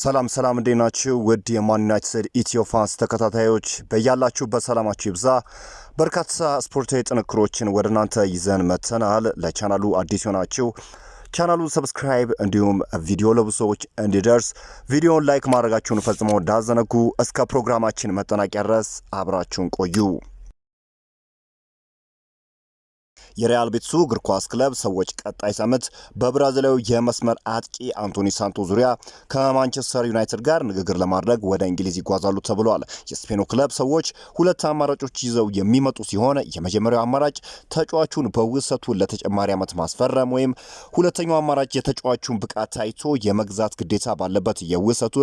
ሰላም ሰላም፣ እንዴት ናችሁ? ውድ የማን ዩናይትድ ኢትዮ ፋንስ ተከታታዮች በያላችሁበት ሰላማችሁ ይብዛ። በርካታ ስፖርታዊ ጥንክሮችን ወደ እናንተ ይዘን መጥተናል። ለቻናሉ አዲስ የሆናችሁ ቻናሉ ሰብስክራይብ እንዲሁም ቪዲዮ ለብዙ ሰዎች እንዲደርስ ቪዲዮውን ላይክ ማድረጋችሁን ፈጽመው እንዳዘነጉ። እስከ ፕሮግራማችን መጠናቂያ ድረስ አብራችሁን ቆዩ። የሪያል ቤትሱ እግር ኳስ ክለብ ሰዎች ቀጣይ ሳምንት በብራዚላዊ የመስመር አጥቂ አንቶኒ ሳንቶ ዙሪያ ከማንቸስተር ዩናይትድ ጋር ንግግር ለማድረግ ወደ እንግሊዝ ይጓዛሉ ተብሏል። የስፔኑ ክለብ ሰዎች ሁለት አማራጮች ይዘው የሚመጡ ሲሆን የመጀመሪያው አማራጭ ተጫዋቹን በውሰቱ ለተጨማሪ ዓመት ማስፈረም ወይም ሁለተኛው አማራጭ የተጫዋቹን ብቃት ታይቶ የመግዛት ግዴታ ባለበት የውሰቱ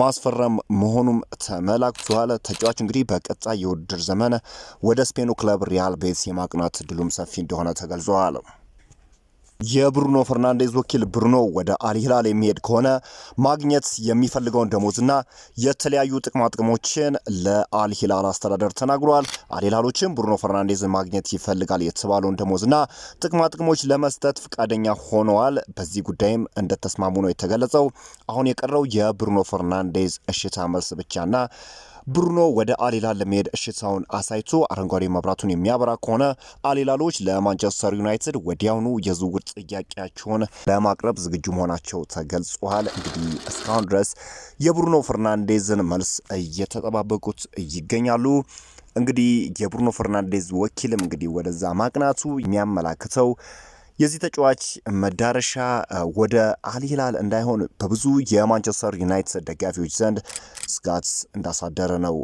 ማስፈረም መሆኑም ተመላክቷል። ተጫዋች እንግዲህ በቀጣይ የውድድር ዘመን ወደ ስፔኑ ክለብ ሪያል ቤቲስ የማቅናት እድሉም ሰፊ እንደሆነ ተገልጿል። የብሩኖ ፈርናንዴዝ ወኪል ብሩኖ ወደ አልሂላል የሚሄድ ከሆነ ማግኘት የሚፈልገውን ደሞዝና የተለያዩ ጥቅማ ጥቅሞችን ለአልሂላል አስተዳደር ተናግሯል። አልሂላሎችም ብሩኖ ፈርናንዴዝን ማግኘት ይፈልጋል የተባለውን ደሞዝና ጥቅማ ጥቅሞች ለመስጠት ፈቃደኛ ሆነዋል። በዚህ ጉዳይም እንደተስማሙ ነው የተገለጸው። አሁን የቀረው የብሩኖ ፈርናንዴዝ እሽታ መልስ ብቻና ብሩኖ ወደ አሊላል ለመሄድ እሽታውን አሳይቶ አረንጓዴ መብራቱን የሚያበራ ከሆነ አሊላሎች ለማንቸስተር ዩናይትድ ወዲያውኑ የዝውውር ጥያቄያቸውን ለማቅረብ ዝግጁ መሆናቸው ተገልጿል። እንግዲህ እስካሁን ድረስ የብሩኖ ፈርናንዴዝን መልስ እየተጠባበቁት ይገኛሉ። እንግዲህ የብሩኖ ፈርናንዴዝ ወኪልም እንግዲህ ወደዛ ማቅናቱ የሚያመላክተው የዚህ ተጫዋች መዳረሻ ወደ አልሂላል እንዳይሆን በብዙ የማንቸስተር ዩናይትድ ደጋፊዎች ዘንድ ስጋት እንዳሳደረ ነው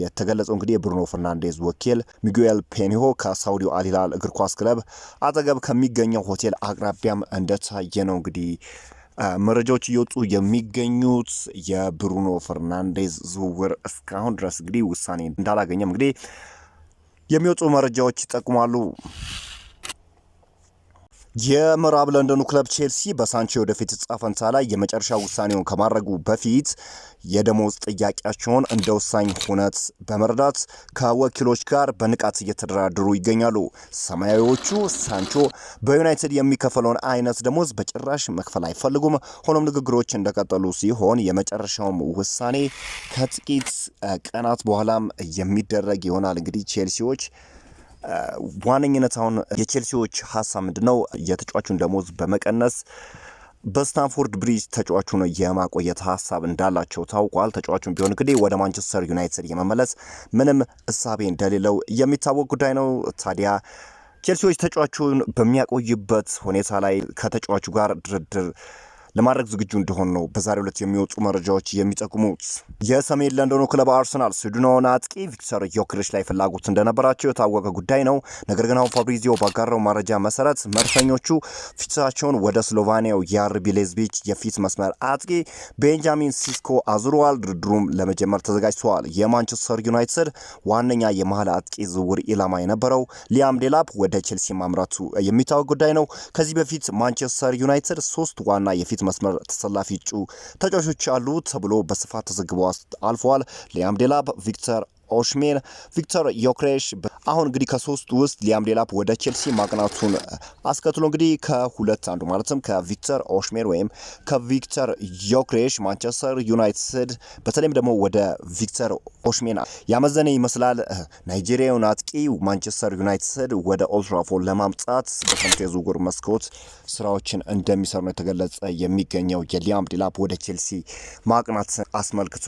የተገለጸው። እንግዲህ የብሩኖ ፈርናንዴዝ ወኪል ሚጉኤል ፔኒሆ ከሳውዲው አልሂላል እግር ኳስ ክለብ አጠገብ ከሚገኘው ሆቴል አቅራቢያም እንደታየ ነው እንግዲህ መረጃዎች እየወጡ የሚገኙት የብሩኖ ፈርናንዴዝ ዝውውር እስካሁን ድረስ እንግዲህ ውሳኔ እንዳላገኘም እንግዲህ የሚወጡ መረጃዎች ይጠቁማሉ። የምዕራብ ለንደኑ ክለብ ቼልሲ በሳንቾ ወደፊት ዕጣ ፈንታ ላይ የመጨረሻ ውሳኔውን ከማድረጉ በፊት የደሞዝ ጥያቄያቸውን እንደ ወሳኝ ሁነት በመረዳት ከወኪሎች ጋር በንቃት እየተደራደሩ ይገኛሉ። ሰማያዊዎቹ ሳንቾ በዩናይትድ የሚከፈለውን አይነት ደሞዝ በጭራሽ መክፈል አይፈልጉም። ሆኖም ንግግሮች እንደቀጠሉ ሲሆን የመጨረሻውም ውሳኔ ከጥቂት ቀናት በኋላም የሚደረግ ይሆናል። እንግዲህ ቼልሲዎች ዋነኝነት አሁን የቼልሲዎች ሀሳብ ምንድን ነው? የተጫዋቹን ደሞዝ በመቀነስ በስታንፎርድ ብሪጅ ተጫዋቹን የማቆየት ሀሳብ እንዳላቸው ታውቋል። ተጫዋቹን ቢሆን እንግዲህ ወደ ማንቸስተር ዩናይትድ የመመለስ ምንም እሳቤ እንደሌለው የሚታወቅ ጉዳይ ነው። ታዲያ ቼልሲዎች ተጫዋቹን በሚያቆይበት ሁኔታ ላይ ከተጫዋቹ ጋር ድርድር ለማድረግ ዝግጁ እንደሆነ ነው በዛሬው ዕለት የሚወጡ መረጃዎች የሚጠቁሙት። የሰሜን ለንደኑ ክለብ አርሰናል ስዊድናዊውን አጥቂ ቪክተር ዮክሪች ላይ ፍላጎት እንደነበራቸው የታወቀ ጉዳይ ነው። ነገር ግን አሁን ፋብሪዚዮ ባጋራው መረጃ መሰረት መድፈኞቹ ፊታቸውን ወደ ስሎቫኒያው የአርቢ ሌዝቢች የፊት መስመር አጥቂ ቤንጃሚን ሲስኮ አዙረዋል። ድርድሩም ለመጀመር ተዘጋጅተዋል። የማንቸስተር ዩናይትድ ዋነኛ የመሀል አጥቂ ዝውውር ኢላማ የነበረው ሊያም ዴላፕ ወደ ቼልሲ ማምራቱ የሚታወቅ ጉዳይ ነው። ከዚህ በፊት ማንቸስተር ዩናይትድ ሶስት ዋና የፊት መስመር ተሰላፊ እጩ ተጫዋቾች አሉ ተብሎ በስፋት ተዘግቦ አልፏል። ሊያም ዴላብ፣ ቪክተር ኦሽሜን፣ ቪክተር ዮክሬሽ አሁን እንግዲህ ከሶስቱ ውስጥ ሊያም ዴላፕ ወደ ቼልሲ ማቅናቱን አስከትሎ እንግዲህ ከሁለት አንዱ ማለትም ከቪክተር ኦሽሜን ወይም ከቪክተር ዮክሬሽ ማንቸስተር ዩናይትድ በተለይም ደግሞ ወደ ቪክተር ኦሽሜን ያመዘነ ይመስላል። ናይጄሪያውን አጥቂ ማንቸስተር ዩናይትድ ወደ ኦልትራፎ ለማምጣት በክረምቱ የዝውውር መስኮት ስራዎችን እንደሚሰሩ ነው የተገለጸ የሚገኘው የሊያም ዴላፕ ወደ ቼልሲ ማቅናት አስመልክቶ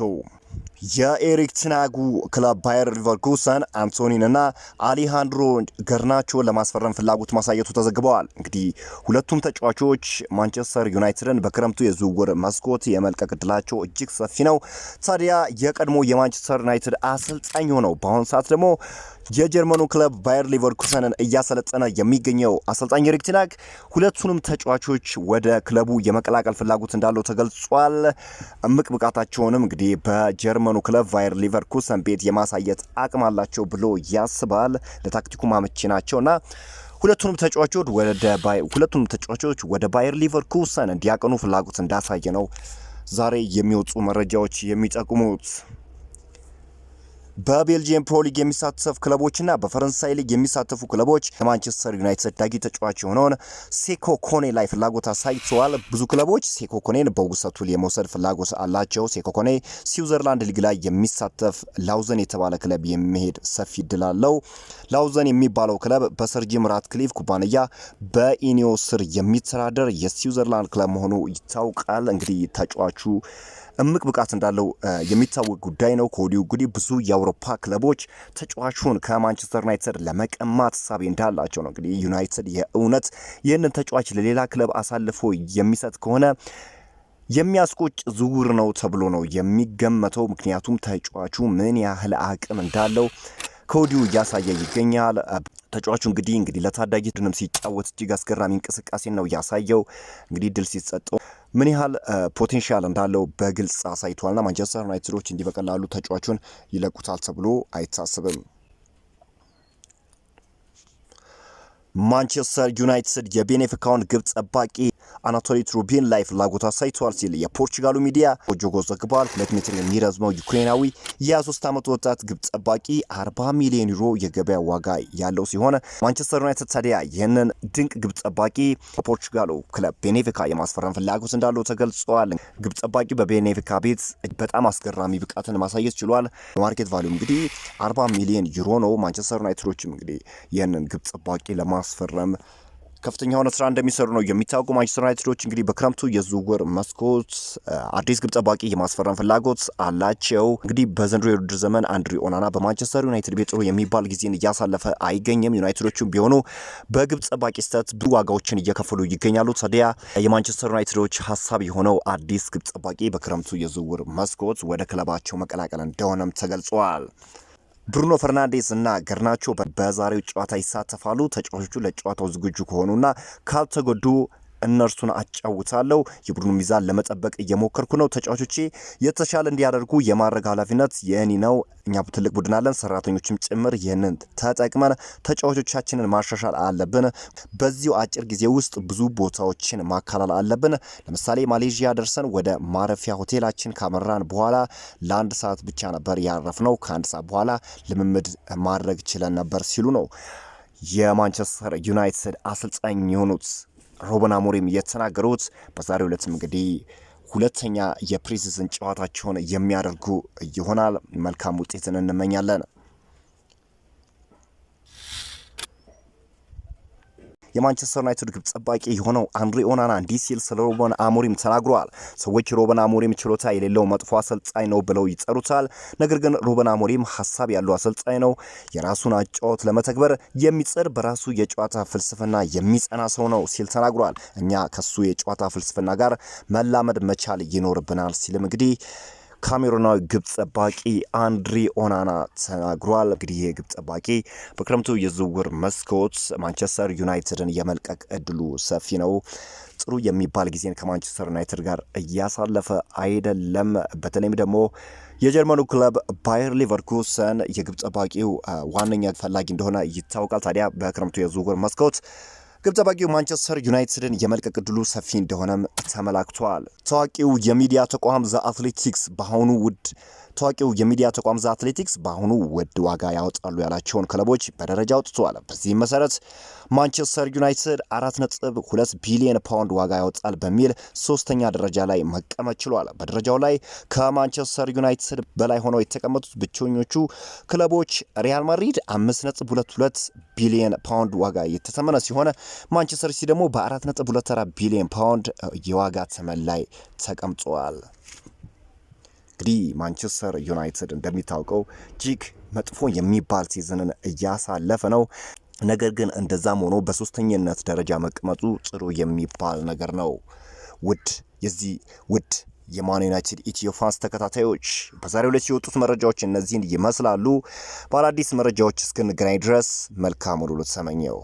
የኤሪክ ቲናጉ ክለብ ባየር ሊቨርኩሰን አንቶኒንና አሊሃንድሮ ገርናቾን ለማስፈረም ፍላጎት ማሳየቱ ተዘግበዋል። እንግዲህ ሁለቱም ተጫዋቾች ማንቸስተር ዩናይትድን በክረምቱ የዝውውር መስኮት የመልቀቅ እድላቸው እጅግ ሰፊ ነው። ታዲያ የቀድሞ የማንቸስተር ዩናይትድ አሰልጣኝ ሆነው በአሁኑ ሰዓት ደግሞ የጀርመኑ ክለብ ባየር ሊቨርኩሰንን እያሰለጠነ የሚገኘው አሰልጣኝ ኤሪክ ሁለቱንም ተጫዋቾች ወደ ክለቡ የመቀላቀል ፍላጎት እንዳለው ተገልጿል። እምቅ ብቃታቸውንም እንግዲህ በጀርመኑ ክለብ ቫየር ሊቨርኩሰን ቤት የማሳየት አቅም አላቸው ብሎ ያስባል። ለታክቲኩ ማመቺ እና ሁለቱንም ተጫዋቾች ወደ ሁለቱንም ተጫዋቾች ወደ ባየር ሊቨርኩሰን እንዲያቀኑ ፍላጎት እንዳሳየ ነው ዛሬ የሚወጡ መረጃዎች የሚጠቁሙት። በቤልጅየም ፕሮ ሊግ የሚሳተፉ ክለቦችና በፈረንሳይ ሊግ የሚሳተፉ ክለቦች ከማንቸስተር ዩናይትድ ዳጊ ተጫዋች የሆነውን ሴኮ ኮኔ ላይ ፍላጎት አሳይተዋል። ብዙ ክለቦች ሴኮ ኮኔን በውሰቱ የመውሰድ ፍላጎት አላቸው። ሴኮ ኮኔ ስዊዘርላንድ ሊግ ላይ የሚሳተፍ ላውዘን የተባለ ክለብ የሚሄድ ሰፊ እድል አለው። ላውዘን የሚባለው ክለብ በሰር ጂም ራትክሊፍ ኩባንያ በኢኒዮ ስር የሚተዳደር የስዊዘርላንድ ክለብ መሆኑ ይታወቃል። እንግዲህ ተጫዋቹ እምቅ ብቃት እንዳለው የሚታወቅ ጉዳይ ነው። ከወዲሁ እንግዲህ ብዙ የአውሮፓ ክለቦች ተጫዋቹን ከማንቸስተር ዩናይትድ ለመቀማት ሳቢ እንዳላቸው ነው። እንግዲህ ዩናይትድ የእውነት ይህንን ተጫዋች ለሌላ ክለብ አሳልፎ የሚሰጥ ከሆነ የሚያስቆጭ ዝውውር ነው ተብሎ ነው የሚገመተው። ምክንያቱም ተጫዋቹ ምን ያህል አቅም እንዳለው ከወዲሁ እያሳየ ይገኛል። ተጫዋቹ እንግዲህ እንግዲህ ለታዳጊ ድንም ሲጫወት እጅግ አስገራሚ እንቅስቃሴን ነው እያሳየው። እንግዲህ ድል ሲሰጠው ምን ያህል ፖቴንሻል እንዳለው በግልጽ አሳይቷልና ማንቸስተር ዩናይትዶች እንዲህ በቀላሉ ተጫዋቹን ይለቁታል ተብሎ አይታስብም። ማንቸስተር ዩናይትድ የቤኔፊካውን ግብ ጠባቂ አናቶሊ ትሩቢን ላይ ፍላጎት አሳይተዋል ሲል የፖርቹጋሉ ሚዲያ ጆጎ ዘግቧል። ሁለት ሜትር የሚረዝመው ዩክሬናዊ የ23 ዓመት ወጣት ግብ ጠባቂ 40 ሚሊዮን ዩሮ የገበያ ዋጋ ያለው ሲሆን ማንቸስተር ዩናይትድ ታዲያ ይህንን ድንቅ ግብ ጠባቂ ፖርቹጋሉ ክለብ ቤኔፊካ የማስፈረም ፍላጎት እንዳለው ተገልጿል። ግብ ጠባቂ በቤኔፊካ ቤት በጣም አስገራሚ ብቃትን ማሳየት ችሏል። በማርኬት ቫሊዩ እንግዲህ 40 ሚሊዮን ዩሮ ነው። ማንቸስተር ዩናይትዶችም እንግዲህ ይህንን ግብ ጠባቂ ለማ ለማስፈረም ከፍተኛ የሆነ ስራ እንደሚሰሩ ነው የሚታወቁ። ማንቸስተር ዩናይትዶች እንግዲህ በክረምቱ የዝውውር መስኮት አዲስ ግብ ጠባቂ የማስፈረም ፍላጎት አላቸው። እንግዲህ በዘንድሮ የውድድር ዘመን አንድሪ ኦናና በማንቸስተር ዩናይትድ ቤት ጥሩ የሚባል ጊዜን እያሳለፈ አይገኝም። ዩናይትዶቹም ቢሆኑ በግብ ጠባቂ ስህተት ብዙ ዋጋዎችን እየከፈሉ ይገኛሉ። ታዲያ የማንቸስተር ዩናይትዶች ሀሳብ የሆነው አዲስ ግብ ጠባቂ በክረምቱ የዝውውር መስኮት ወደ ክለባቸው መቀላቀል እንደሆነም ተገልጿል። ብሩኖ ፈርናንዴዝ እና ገርናቾ በዛሬው ጨዋታ ይሳተፋሉ። ተጫዋቾቹ ለጨዋታው ዝግጁ ከሆኑና ካልተጎዱ እነርሱን አጫውታለሁ። የቡድኑ ሚዛን ለመጠበቅ እየሞከርኩ ነው። ተጫዋቾቼ የተሻለ እንዲያደርጉ የማድረግ ኃላፊነት የእኔ ነው። እኛ ትልቅ ቡድን አለን፣ ሰራተኞችም ጭምር ይህንን ተጠቅመን ተጫዋቾቻችንን ማሻሻል አለብን። በዚሁ አጭር ጊዜ ውስጥ ብዙ ቦታዎችን ማካላል አለብን። ለምሳሌ ማሌዥያ ደርሰን ወደ ማረፊያ ሆቴላችን ካመራን በኋላ ለአንድ ሰዓት ብቻ ነበር ያረፍ ነው ከአንድ ሰዓት በኋላ ልምምድ ማድረግ ችለን ነበር ሲሉ ነው የማንቸስተር ዩናይትድ አሰልጣኝ የሆኑት ሮበን አሞሪም የተናገሩት። በዛሬው ዕለትም እንግዲህ ሁለተኛ የፕሪዝን ጨዋታቸውን የሚያደርጉ ይሆናል። መልካም ውጤትን እንመኛለን። የማንቸስተር ዩናይትድ ግብ ጠባቂ የሆነው አንድሪ ኦናና እንዲህ ሲል ስለ ሮበን አሞሪም ተናግሯል ሰዎች ሮበን አሞሪም ችሎታ የሌለው መጥፎ አሰልጣኝ ነው ብለው ይጠሩታል። ነገር ግን ሮበን አሞሪም ሀሳብ ያለው አሰልጣኝ ነው። የራሱን አጫወት ለመተግበር የሚጥር በራሱ የጨዋታ ፍልስፍና የሚጸና ሰው ነው ሲል ተናግሯል። እኛ ከሱ የጨዋታ ፍልስፍና ጋር መላመድ መቻል ይኖርብናል ሲልም እንግዲህ ካሜሩናዊ ግብ ጠባቂ አንድሪ ኦናና ተናግሯል። እንግዲህ ይህ ግብ ጠባቂ በክረምቱ የዝውውር መስኮት ማንቸስተር ዩናይትድን የመልቀቅ እድሉ ሰፊ ነው። ጥሩ የሚባል ጊዜን ከማንቸስተር ዩናይትድ ጋር እያሳለፈ አይደለም። በተለይም ደግሞ የጀርመኑ ክለብ ባየር ሊቨርኩሰን የግብ ጠባቂው ዋነኛ ፈላጊ እንደሆነ ይታወቃል። ታዲያ በክረምቱ የዝውውር መስኮት ግብ ጠባቂው ማንቸስተር ዩናይትድን የመልቀቅ ዕድሉ ሰፊ እንደሆነም ተመላክቷል። ታዋቂው የሚዲያ ተቋም ዘ አትሌቲክስ በአሁኑ ውድ ታዋቂው የሚዲያ ተቋም ዘ አትሌቲክስ በአሁኑ ውድ ዋጋ ያወጣሉ ያላቸውን ክለቦች በደረጃ አውጥቷል። በዚህም መሰረት ማንቸስተር ዩናይትድ ሁለት ቢሊዮን ፓውንድ ዋጋ ያወጣል በሚል ሶስተኛ ደረጃ ላይ መቀመጥ ችሏል። በደረጃው ላይ ከማንቸስተር ዩናይትድ በላይ ሆነው የተቀመጡት ብቸኞቹ ክለቦች ሪያል ማድሪድ ሁለት ቢሊዮን ፓውንድ ዋጋ የተተመነ ሲሆን ማንቸስተር ሲቲ ደግሞ በ4.2 ቢሊዮን ፓውንድ የዋጋ ተመን ላይ ተቀምጧል። እንግዲህ ማንቸስተር ዩናይትድ እንደሚታወቀው እጅግ መጥፎ የሚባል ሲዝንን እያሳለፈ ነው። ነገር ግን እንደዛም ሆኖ በሶስተኝነት ደረጃ መቀመጡ ጥሩ የሚባል ነገር ነው። ውድ የዚህ ውድ የማን ዩናይትድ ኢትዮ ፋንስ ተከታታዮች በዛሬው ዕለት የወጡት መረጃዎች እነዚህን ይመስላሉ። በአዳዲስ መረጃዎች እስክንገናኝ ድረስ መልካም ሁሉ ልትሰመኘው